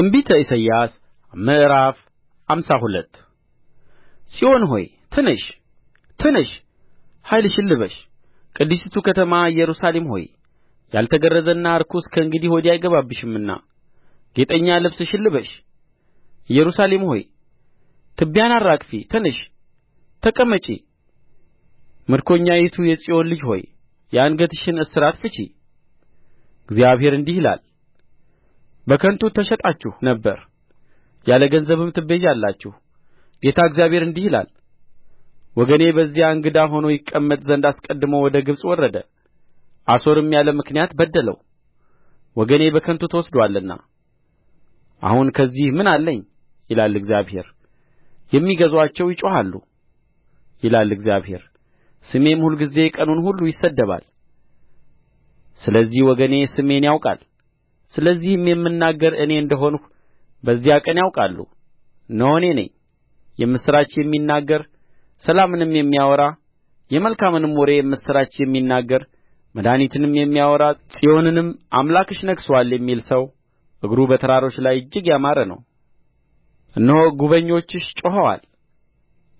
ትንቢተ ኢሳይያስ ምዕራፍ ሃምሳ ሁለት ጽዮን ሆይ ተነሺ ተነሺ ኃይልሽን ልበሺ ቅድስቲቱ ከተማ ኢየሩሳሌም ሆይ ያልተገረዘና ርኩስ ከእንግዲህ ወዲህ አይገባብሽምና ጌጠኛ ልብስሽን ልበሺ ኢየሩሳሌም ሆይ ትቢያን አራግፊ ተነሺ ተቀመጪ ምርኮኛይቱ የጽዮን ልጅ ሆይ የአንገትሽን እስራት ፍቺ እግዚአብሔር እንዲህ ይላል በከንቱ ተሸጣችሁ ነበር ያለ ገንዘብም ትቤዣላችሁ ጌታ እግዚአብሔር እንዲህ ይላል ወገኔ በዚያ እንግዳ ሆኖ ይቀመጥ ዘንድ አስቀድሞ ወደ ግብጽ ወረደ አሦርም ያለ ምክንያት በደለው ወገኔ በከንቱ ተወስዶአልና አሁን ከዚህ ምን አለኝ ይላል እግዚአብሔር የሚገዙአቸው ይጮኻሉ ይላል እግዚአብሔር ስሜም ሁልጊዜ ቀኑን ሁሉ ይሰደባል ስለዚህ ወገኔ ስሜን ያውቃል ስለዚህም የምናገር እኔ እንደ ሆንሁ በዚያ ቀን ያውቃሉ እነሆ እኔ ነኝ የምስራች የሚናገር ሰላምንም የሚያወራ የመልካምንም ወሬ የምስራች የሚናገር መድኃኒትንም የሚያወራ ጽዮንንም አምላክሽ ነግሦአል የሚል ሰው እግሩ በተራሮች ላይ እጅግ ያማረ ነው እነሆ ጕበኞችሽ ጮኸዋል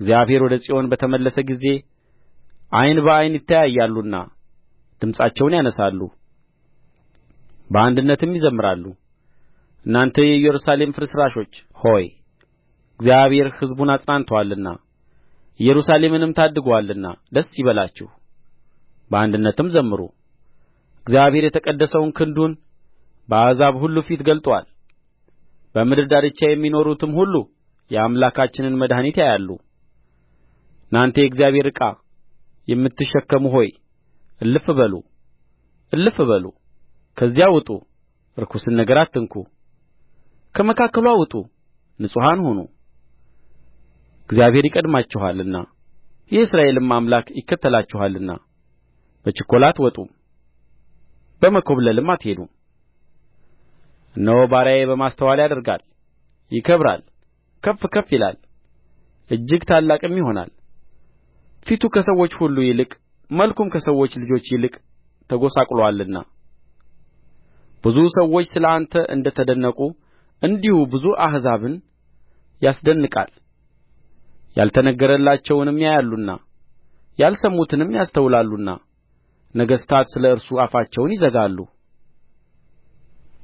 እግዚአብሔር ወደ ጽዮን በተመለሰ ጊዜ ዓይን በዓይን ይተያያሉና ድምፃቸውን ያነሣሉ በአንድነትም ይዘምራሉ እናንተ የኢየሩሳሌም ፍርስራሾች ሆይ እግዚአብሔር ሕዝቡን አጽናንቶአልና ኢየሩሳሌምንም ታድጎአልና ደስ ይበላችሁ በአንድነትም ዘምሩ እግዚአብሔር የተቀደሰውን ክንዱን በአሕዛብ ሁሉ ፊት ገልጦአል በምድር ዳርቻ የሚኖሩትም ሁሉ የአምላካችንን መድኃኒት ያያሉ እናንተ የእግዚአብሔር ዕቃ የምትሸከሙ ሆይ እልፍ በሉ እልፍ በሉ ከዚያ ውጡ ርኩስን ነገር አትንኩ ከመካከልዋ ውጡ ንጹሐን ሁኑ እግዚአብሔር ይቀድማችኋልና የእስራኤልም አምላክ ይከተላችኋልና በችኰላ አትወጡም በመኰብለልም አትሄዱም እነሆ ባሪያዬ በማስተዋል ያደርጋል ይከብራል ከፍ ከፍ ይላል እጅግ ታላቅም ይሆናል ፊቱ ከሰዎች ሁሉ ይልቅ መልኩም ከሰዎች ልጆች ይልቅ ተጐሳቍሎአልና ብዙ ሰዎች ስለ አንተ እንደ ተደነቁ እንዲሁ ብዙ አሕዛብን ያስደንቃል ያልተነገረላቸውንም ያያሉና ያልሰሙትንም ያስተውላሉና ነገሥታት ስለ እርሱ አፋቸውን ይዘጋሉ